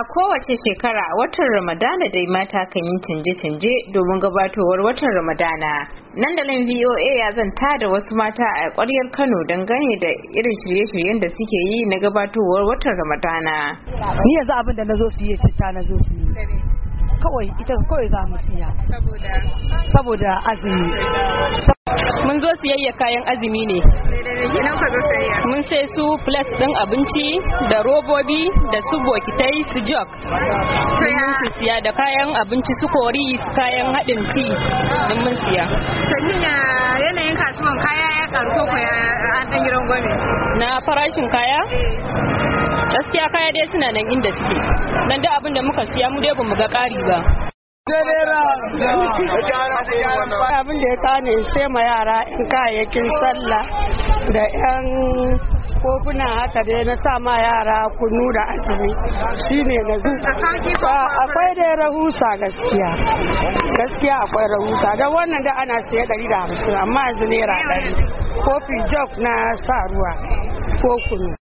A kowace shekara watan Ramadana dai mata kan yi canje-canje domin gabatowar watan Ramadana. nan da nan VOA ya zanta da wasu mata a ƙwaryar Kano don dangane da irin shirye-shiryen da suke yi na gabatowar watan Ramadana. Ni yanzu abin da na zo su yi cita na zo su yi. Kawai ita kawai za mu siya. Saboda azumi. Mun zo siyayya kayan azumi ne. Me da ka zo saye? sai su plus din abinci da robobi da su bokitai su jog mun su siya da kayan abinci su kori su kayan haɗin ti din mun siya saniya yanayin kasuwan kaya ya karu ko an ɗan gidan gwame na farashin kaya gaskiya kaya dai suna nan inda suke nan da abin da muka siya mu dai bamu ga ƙari ba abin da ya kane sai ma yara in kayayyakin sallah da 'yan kofuna haka dai na sa ma yara kunu da azumi shine na zu akwai dai rahusa gaskiya gaskiya akwai rahusa da wannan da ana siya ɗari da hamsin amma yanzu naira dari kofi jug na sa ruwa ko kunu